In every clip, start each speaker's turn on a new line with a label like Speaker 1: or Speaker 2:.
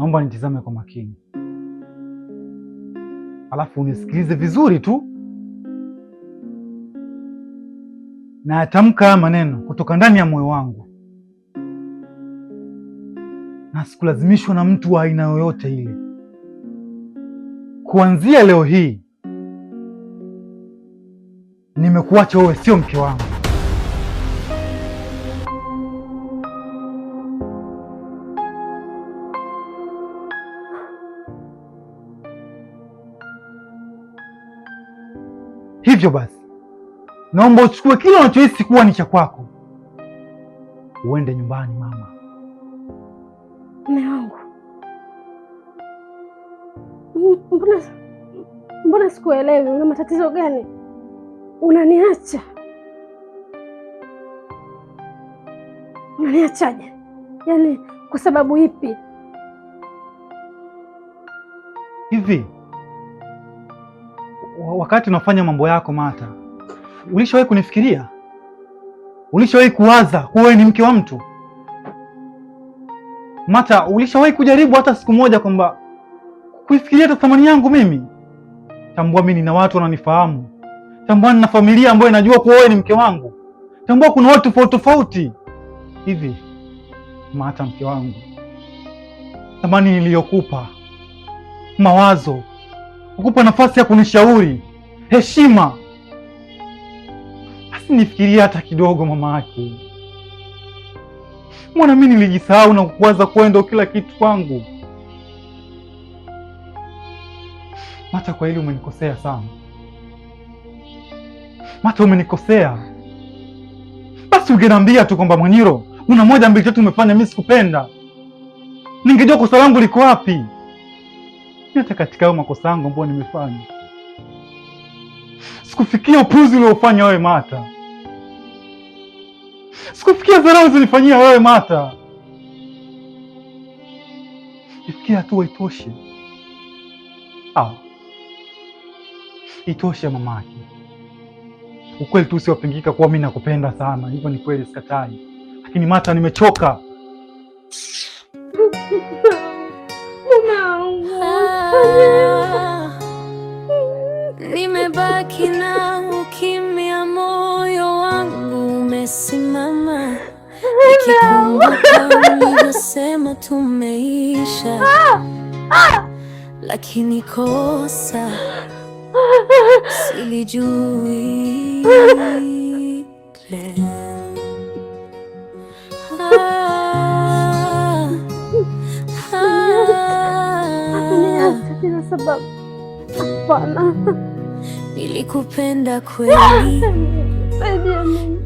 Speaker 1: naomba nitizame kwa makini, alafu unisikilize vizuri tu, na atamka maneno kutoka ndani ya moyo wangu, na sikulazimishwa na mtu wa aina yoyote ile. Kuanzia leo hii nimekuacha wewe, sio mke wangu. Hivyo basi naomba uchukue kile unachohisi kuwa ni cha kwako, uende nyumbani. Mama,
Speaker 2: mume wangu, mbona mbona sikuelewi? Una matatizo gani? Unaniacha, unaniachaje? Yaani kwa sababu ipi
Speaker 1: hivi? wakati unafanya mambo yako mata ulishawahi kunifikiria? Ulishawahi kuwaza kuwa wewe ni mke wa mtu mata Ulishawahi kujaribu hata siku moja kwamba kuifikiria hata thamani yangu mimi? Tambua mimi nina watu wananifahamu, tambua nina familia ambayo inajua kuwa wewe ni mke wangu, tambua kuna watu tofauti tofauti hivi. mata mke wangu, thamani niliyokupa, mawazo, kukupa nafasi ya kunishauri heshima. nifikiria hata kidogo, mama yake. mwana mi nilijisahau na kukuwaza kwendo kila kitu kwangu? Mata, kwa hili umenikosea sana Mata, umenikosea. Basi ungeniambia tu kwamba Mwanyiro, una moja mbili tatu umefanya mi sikupenda, ningejua kosa langu liko wapi. Hata katika hayo makosa yangu ambayo nimefanya Sikufikia upuzi uliofanya wewe Mata, sikufikia dharau zilifanyia wewe Mata. Ifikia hatua itoshe, au ah. itoshe mamake. Ukweli tu usiwapingika kuwa mimi nakupenda sana, hivyo ni kweli, sikatai, lakini Mata, nimechoka.
Speaker 2: Tunasema tumeisha, lakini kosa silijui. Nilikupenda kweli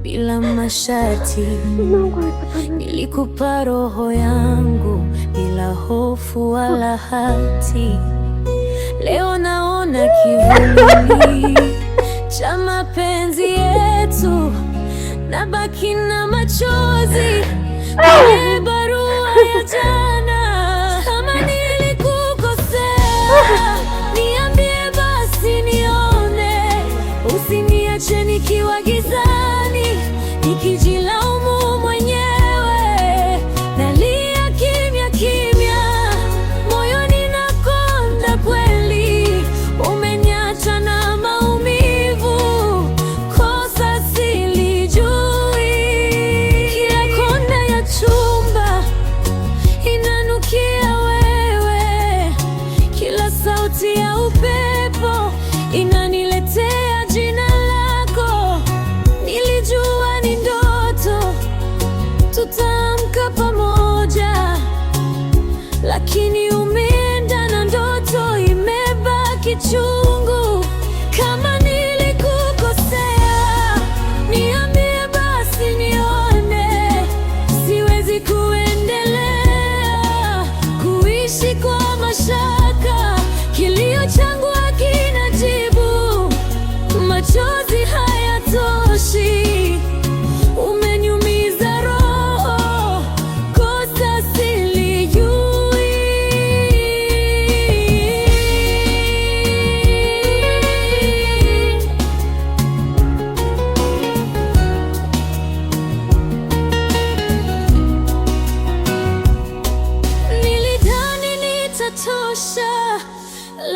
Speaker 2: bila masharti, nilikupa roho yangu bila hofu wala hati. Leo naona kivuli cha mapenzi yetu, nabaki na machozi kwenye barua ya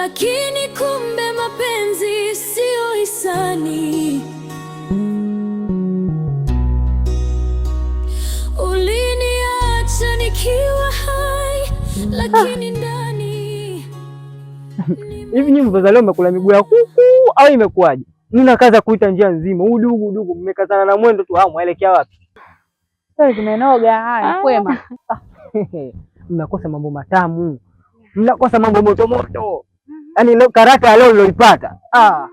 Speaker 3: lakini kumbe mapenzi siyo hisani. Uliniacha nikiwa hai, lakini ah. ndani hivi nyinyi mvozaleo mmekula miguu ya kuku au imekuwaje? Mnakaza kuita njia nzima udugu udugu, mmekazana na mwendo tu, au ah, mwaelekea wapi?
Speaker 4: Zimenoga haya, ah. kwema
Speaker 3: mnakosa mambo matamu, mnakosa mambo moto moto yani karata leo niloipata ah,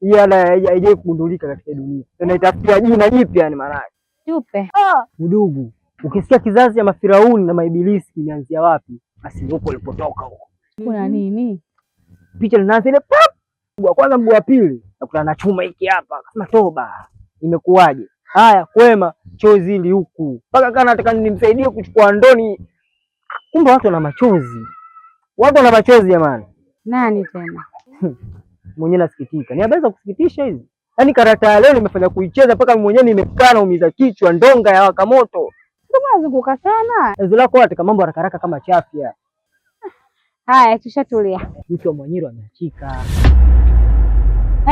Speaker 3: hiyo haijai kugundulika katika dunia, tunaitafutia jina jipya yani maanake
Speaker 4: tupe ah.
Speaker 3: udugu. Ukisikia kizazi ya mafirauni na maibilisi kimeanzia wapi, basi huko ulipotoka huko.
Speaker 4: Kuna mhm. nini?
Speaker 3: Picha linaanza ile pap, mguu wa kwanza, mguu wa pili, nakutana na chuma hiki hapa, kama toba, imekuwaje? Haya, kwema chozi ili huku mpaka kana nataka nimsaidie kuchukua ndoni. Kumbe watu wana machozi, watu wana machozi jamani.
Speaker 4: Nani tena?
Speaker 3: Mwenyewe nasikitika. Ni habari za kusikitisha hizi. Yaani karata ya leo nimefanya kuicheza mpaka mwenyewe nimekaa naumiza kichwa ndonga ya waka moto.
Speaker 4: zunguka sana.
Speaker 3: Ezo kwa katika mambo haraka haraka kama chafya.
Speaker 4: Haya, tushatulia.
Speaker 3: Mtu wa Mwanyiro ameachika.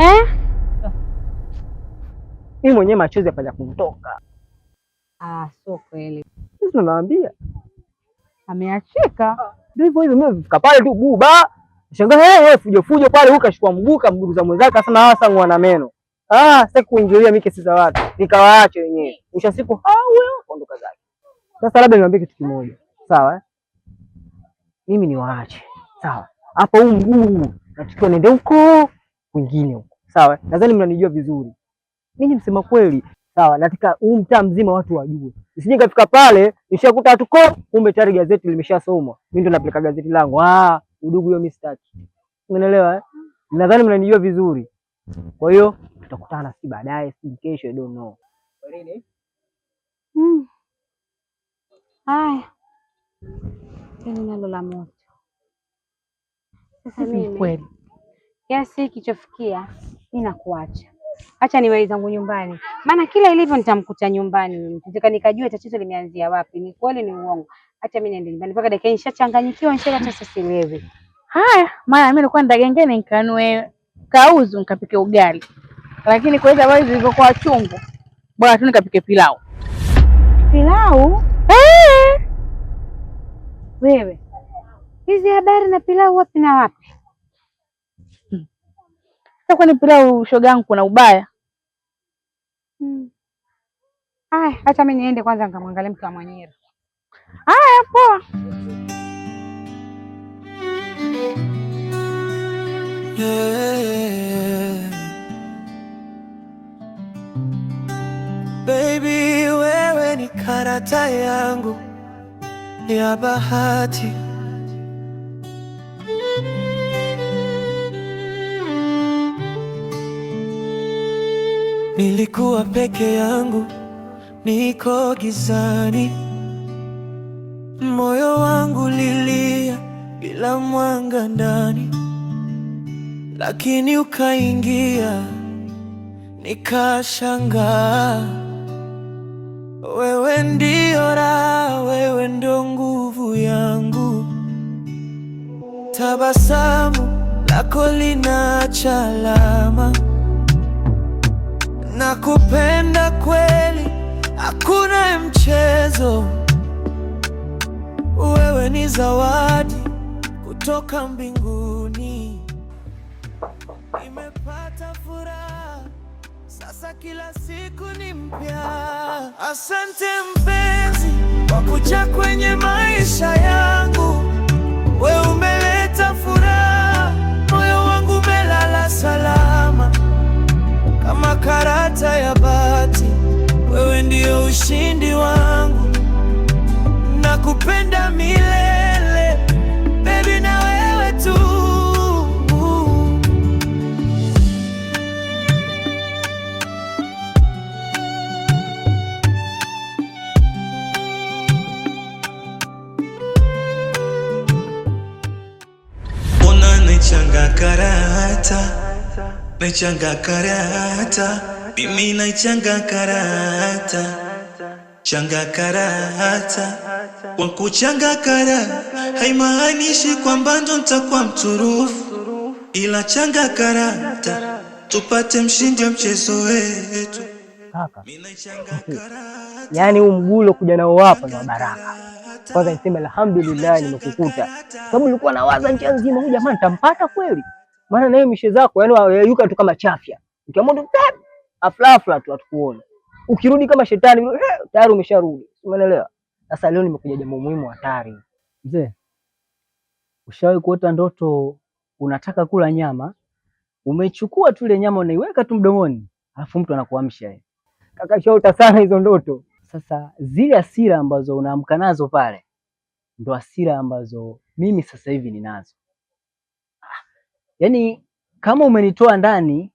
Speaker 3: Eh? Mimi mwenyewe machozi yapaja kumtoka.
Speaker 4: Ah, sio kweli.
Speaker 3: Sisi tunawaambia.
Speaker 4: Ameachika.
Speaker 3: Ndio hivyo hivyo mimi kafika pale tu buba. Shangaa hey, hey, fujo fujo pale, huko kashikwa mguu kamguruza mwenzake, akasema hawa sangu wana meno. Ah, sitaki kuingilia mimi kesi za watu, Nikawaacha wenyewe. Usha siku hawa ah, kuondoka zake. Sasa labda niwaambie kitu kimoja, sawa eh? Mimi niwaache, sawa. Hapo huu mguu natakiwa nende huko kwingine huko, sawa. Eh? Nadhani mnanijua vizuri, mimi ni msema kweli, sawa. Nataka huu mtaa mzima watu wajue, nisije nikafika pale nishakuta watu hatuko, kumbe tayari gazeti limeshasomwa. Mimi ndo napeleka gazeti langu ah udugu hiyo mimi sitaki. eh? Nadhani mnanijua vizuri. Kwa hiyo tutakutana si baadaye, si kesho, I don't know. Kwa nini?
Speaker 4: Mm. Haya. Tena nalo la moto. Sasa mimi kweli. Kiasi kichofikia, mimi nakuacha. Acha niwahi zangu nyumbani. Maana kila ilivyo nitamkuta nyumbani. Nataka nikajue tatizo limeanzia wapi. Ni kweli ni uongo hata mimi niende nyumbani mpaka dakika nishachanganyikiwa nishaka sasa sielewi. Haya, maana mimi nilikuwa nenda gengeni nikanue kauzu nikapike ugali. Lakini kwa hizo habari zilizokuwa chungu, bora tu nikapike pilau. Pilau? Eh! Wewe. Hizi habari na pilau wapi na wapi? Hmm. Sasa kwani pilau shoga yangu kuna ubaya? Hmm. Aya, acha mimi niende kwanza nikamwangalie mke wa mwenyewe. Ah, ya poa. Baby, wewe ni karata yangu ya bahati. Nilikuwa peke yangu, niko gizani moyo wangu lilia bila mwanga ndani, lakini ukaingia, nikashangaa. Wewe ndio raha, wewe ndo nguvu yangu, tabasamu lako linaacha alama,
Speaker 5: nakupenda kweli, hakuna mchezo wewe ni zawadi kutoka mbinguni, nimepata furaha sasa, kila siku ni mpya. Asante mpenzi kwa kuja kwenye maisha yangu, wewe umeleta furaha, moyo wangu umelala salama kama karata ya bati, wewe ndio ushindi wa nakupenda milele baby, na wewe tu. Ona naichanga karata, naichanga karata, mimi naichanga karata, changa karata kwa kara haimaanishi kwamba ndo nitakuwa mturufu, ila changa karata tupate mshindi wa mchezo wetu.
Speaker 3: Yaani huu mgulo kuja nao hapa ni baraka. Kwanza niseme alhamdulillah, nimekukuta sababu nilikuwa nawaza njia nzima, huyu jamaa nitampata kweli? Maana nayo mishe zako yani yuka tu kama chafya, ukiamua tu afla afla tu, hatukuona ukirudi kama shetani tayari umesharudi, umeelewa? Sasa leo nimekuja jambo muhimu hatari. Mzee, ushawahi kuota ndoto unataka kula nyama, umechukua tu ile nyama unaiweka tu mdomoni, alafu mtu anakuamsha. yeye. Kaka, shaota sana hizo ndoto. Sasa zile hasira ambazo unaamka nazo pale ndo hasira ambazo mimi sasa hivi ninazo. Ah, yaani kama umenitoa ndani,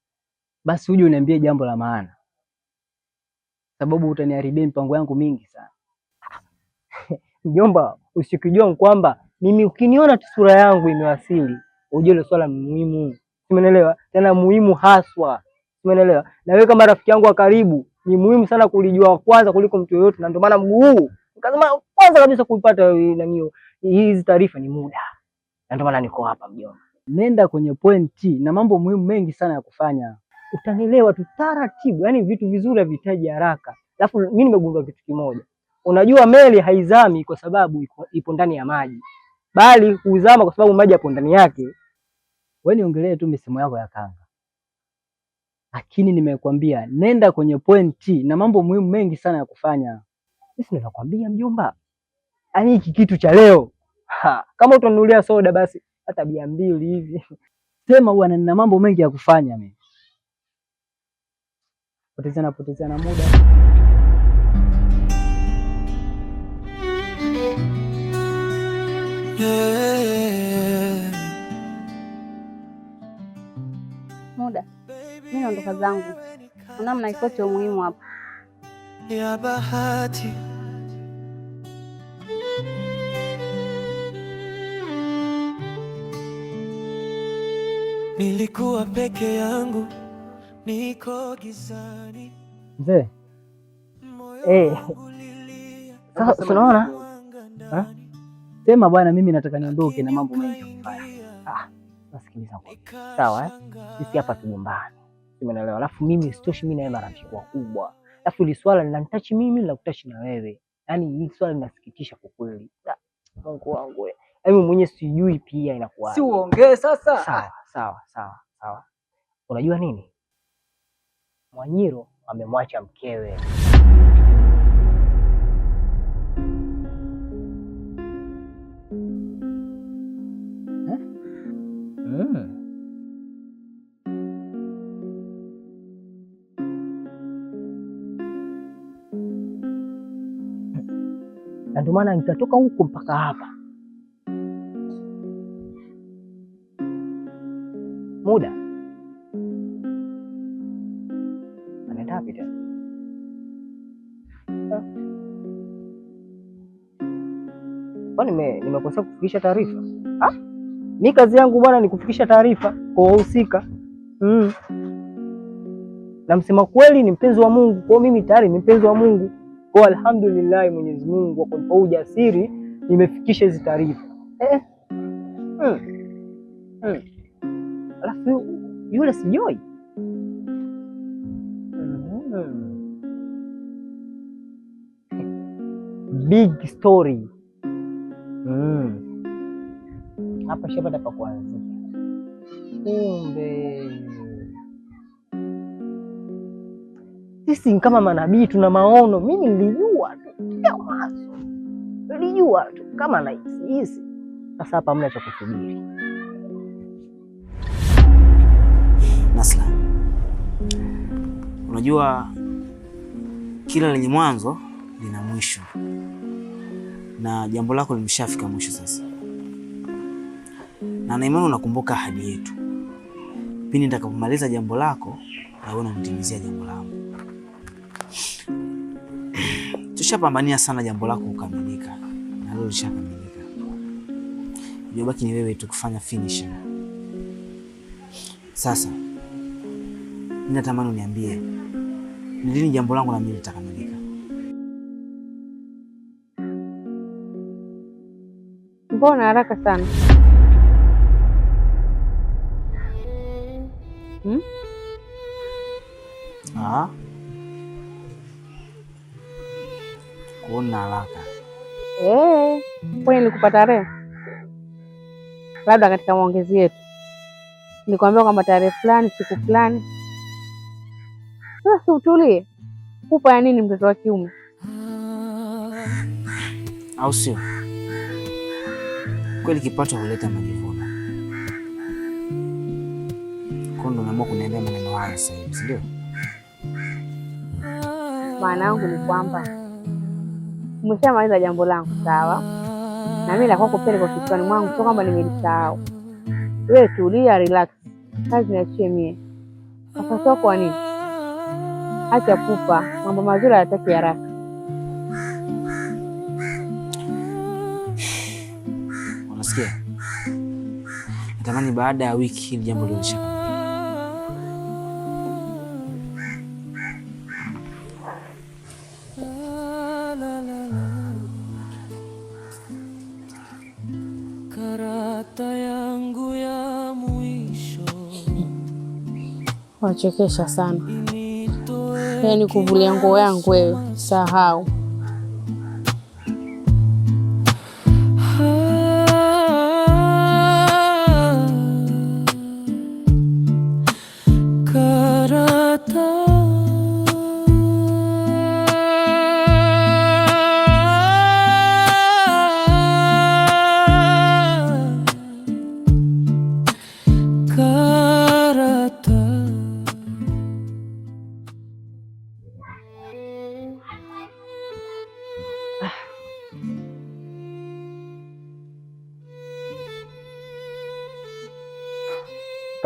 Speaker 3: basi uje uniambie jambo la maana, sababu utaniharibia mipango yangu mingi sana. Mjomba, usikijua kwamba mimi ukiniona tu sura yangu imewasili, ujue ile swala muhimu, umeelewa? Tena muhimu haswa, umeelewa? Na wewe kama rafiki yangu wa karibu, ni muhimu sana kulijua kwanza kuliko mtu yoyote, na ndio maana mguu huu nikasema kwanza kabisa kuipata nani, hizi taarifa ni muda, na ndio maana niko hapa mjomba. Nenda kwenye pointi na mambo muhimu mengi sana ya kufanya, utanielewa tu taratibu. Yani vitu vizuri havitaji haraka. Alafu mimi nimegundua kitu kimoja Unajua meli haizami kwa sababu ipo ndani ya maji, bali huzama kwa sababu maji yapo ndani yake. Wewe niongelee tu misimu yako ya kanga, lakini nimekwambia nenda kwenye pointi na mambo muhimu mengi sana ya kufanya. Sisi ninakwambia mjomba, yaani hiki kitu cha leo ha, kama utanunulia soda basi hata bia mbili hivi sema huwa nina mambo mengi ya kufanya mimi. Potezana potezana muda
Speaker 4: Muda mimi naondoka zangu, naona cha umuhimu hapa ya bahati
Speaker 3: Nilikuwa peke yangu niko gizani. Mzee, eh, sasa tunaona sema bwana, mimi nataka niondoke na mambo mengi ya kufanya. Ah, nasikiliza sawa eh? Sisi hapa tugombane, umeelewa? Alafu mimi sitoshi, mimi nawe marafiki wakubwa, alafu hili swala linanitachi mimi, linakutachi na wewe. Yani hili swala linasikitisha kwa kweli, ah, Mungu wangu wewe. Eh. Yaani, mimi mwenye sijui pia inakuwa.
Speaker 4: Si uongee sasa.
Speaker 3: Sawa, sawa, sawa, sawa. Unajua nini? Mwanyiro amemwacha mkewe. na ndio maana nitatoka huko mpaka hapa. Muda anaenda wapi tena? Nimekosea kufikisha taarifa? Mi kazi yangu bwana ni kufikisha taarifa kwa wahusika mm. Na msema kweli ni mpenzi wa Mungu, kwa mimi tayari ni mpenzi wa Mungu. Kwa alhamdulillah Mwenyezi Mungu kwa kunipa ujasiri nimefikisha hizi taarifa eh. hmm. hmm. Alafu yule sijoi hmm. Big story hmm. hapa, hmm. Shapata pa kuanzia kumbe sisi kama manabii tuna maono. Mimi nilijua tu, nilijua tu kama naisihisi. Sasa hapa mna cha kusubiri. Nasla, unajua kila lenye mwanzo lina mwisho, na jambo lako limeshafika mwisho sasa, na naimani unakumbuka ahadi yetu. Pindi nitakapomaliza jambo lako, na wewe unanitimizia jambo langu. Ulishapambania sana jambo lako kukamilika, na leo lishakamilika. Iliyobaki ni wewe tu kufanya Sasa ninatamani uniambie ni lini jambo langu na mimi litakamilika.
Speaker 4: Mbona haraka sana hmm?
Speaker 3: Ah? kuona haraka.
Speaker 4: Eh, kwani nikupa tarehe? Labda katika maongezi yetu nikwambia kwamba tarehe fulani, siku fulani. Sasa utulie, kupa ya nini mtoto wa kiume,
Speaker 3: au sio? Kweli kipato huleta majivuno. Kwa ndo naamua kuniambia maneno haya sasa hivi, si ndio?
Speaker 4: Maana yangu ni kwamba umeshamaliza jambo langu, sawa. Na mimi nakuwa kwako kichwani mwangu, sio kwamba nimelisahau. Wewe tulia, relax, kazi niachie mie. Nafasi kwa nini? Acha pupa, mambo mazuri hayataki haraka.
Speaker 3: Unasikia, natamani baada ya wiki hili jambo liisha
Speaker 4: unachekesha sana, yaani kuvulia nguo yangu wewe, sahau.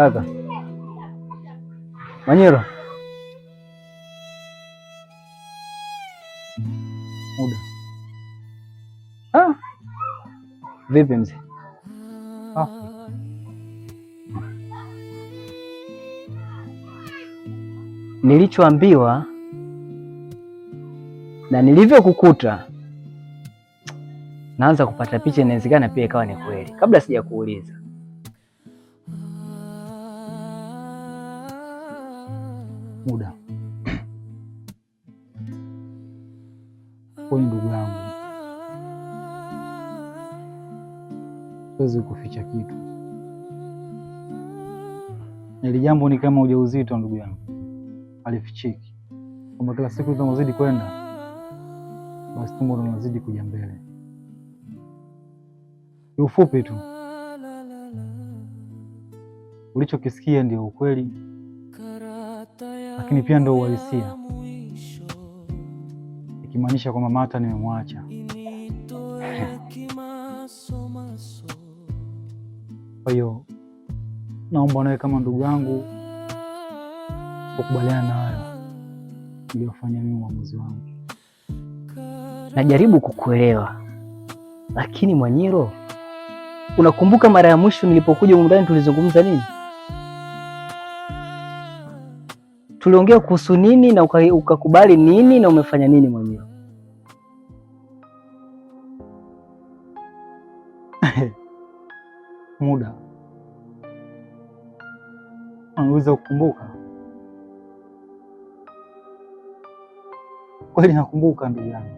Speaker 3: Kaka Manyiro, muda ah. Vipi mzee ah. Nilichoambiwa na nilivyokukuta naanza kupata picha, inawezekana pia ikawa ni kweli, kabla sijakuuliza muda. Kwa ndugu yangu, siwezi kuficha kitu. ili jambo ni kama ujauzito, ndugu yangu, alifichiki kwamba kila siku tunazidi kwenda, basi tumbo linazidi kuja mbele. Ni ufupi tu, ulichokisikia ndio ukweli lakini pia ndo uhalisia, ikimaanisha kwamba mata nimemwacha. Kwa hiyo naomba nawe kama ndugu yangu ukubaliana na hayo niliyofanya mimi, uamuzi wangu. Najaribu kukuelewa, lakini Mwanyiro, unakumbuka mara ya mwisho nilipokuja humu tulizungumza nini? tuliongea kuhusu nini na ukakubali nini na umefanya nini mwenyewe? Muda unaweza kukumbuka kweli? Nakumbuka ndugu yangu,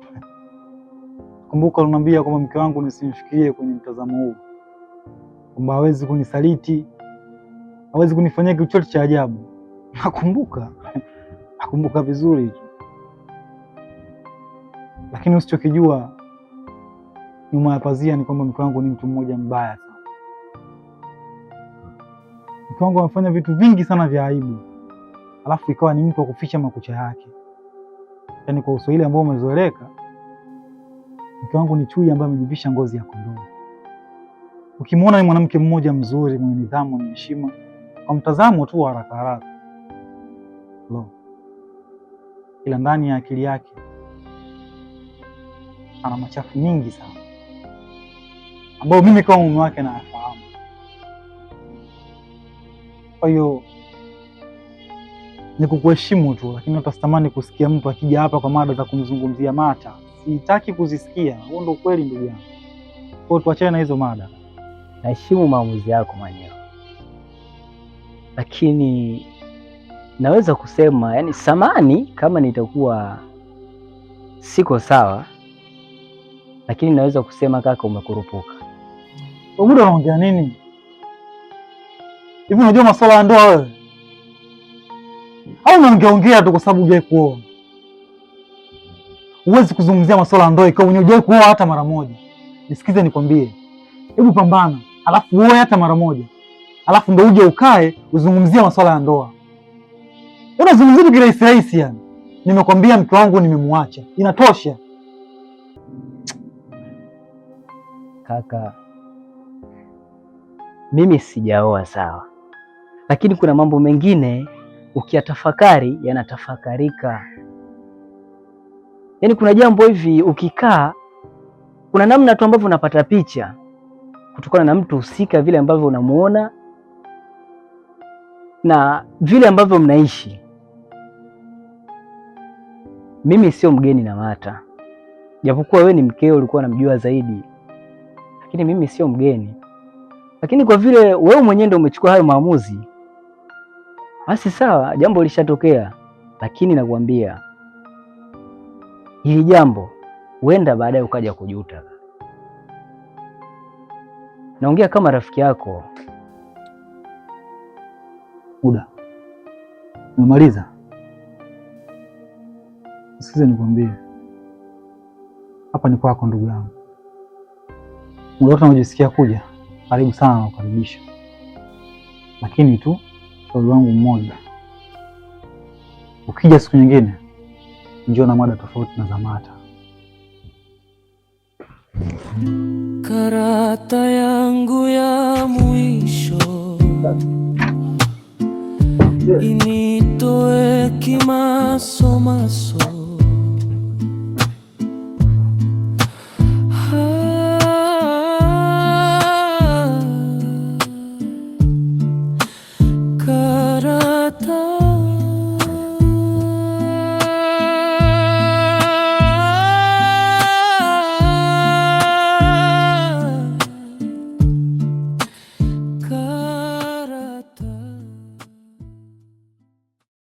Speaker 3: kumbuka unaniambia kwamba mke wangu nisimfikirie kwenye mtazamo huu, kwamba hawezi kunisaliti hawezi kunifanyia kitu chochote cha ajabu. Nakumbuka, nakumbuka vizuri lakini usichokijua nyuma ya pazia ni kwamba mke wangu ni mtu mmoja mbaya sana. Mke wangu amefanya vitu vingi sana vya aibu, alafu ikawa ni mtu wa kuficha makucha yake, yaani kwa uswahili ambao umezoeleka mke wangu ni chui ambaye amejivisha ngozi ya kondoo. Ukimwona ni mwanamke mmoja mzuri, mwenye nidhamu, na heshima kwa mtazamo tu haraka haraka lo, ila ndani ya akili yake ana machafu mingi sana ambayo mimi kama mume wake nayafahamu. Kwa hiyo ni kukuheshimu tu, lakini utasitamani kusikia mtu akija hapa kwa mada za kumzungumzia Mata. Sitaki kuzisikia, huo ndo ukweli ndugu yangu. Kwa hiyo tuachane na hizo mada. Naheshimu maamuzi yako mwenyewe lakini naweza kusema yani, samani kama nitakuwa siko sawa, lakini naweza kusema kaka, umekurupuka. muda unaongea nini hivi? Unajua masuala ya ndoa wewe, au ongea tu kwa sababu hujawahi kuoa? Huwezi kuzungumzia masuala ya ndoa ikiwa mwenyewe hujawahi kuoa hata mara moja. Nisikize nikwambie, hebu pambana, alafu uoe hata mara moja alafu ndo uje ukae uzungumzie masuala ya ndoa. Unazungumzia kirahisi rahisi, yani nimekwambia mke wangu nimemwacha, inatosha kaka. Mimi sijaoa sawa, lakini kuna mambo mengine ukiyatafakari yanatafakarika. Yaani kuna jambo hivi ukikaa, kuna namna tu ambavyo unapata picha kutokana na mtu husika, vile ambavyo unamuona na vile ambavyo mnaishi, mimi sio mgeni na Mata, japokuwa wewe ni mkeo, ulikuwa unamjua zaidi, lakini mimi sio mgeni. Lakini kwa vile wewe mwenyewe ndio umechukua hayo maamuzi, basi sawa, jambo lishatokea. Lakini nakwambia hili jambo huenda baadaye ukaja kujuta. Naongea kama rafiki yako muda umemaliza. Sikize nikwambie, hapa ni kwako ndugu yangu, muda wote unajisikia kuja, karibu sana na kukaribisha, lakini tu shauri wangu mmoja, ukija siku nyingine njoo na mada tofauti na zamata. Karata yangu ya mwisho initoe kimasomaso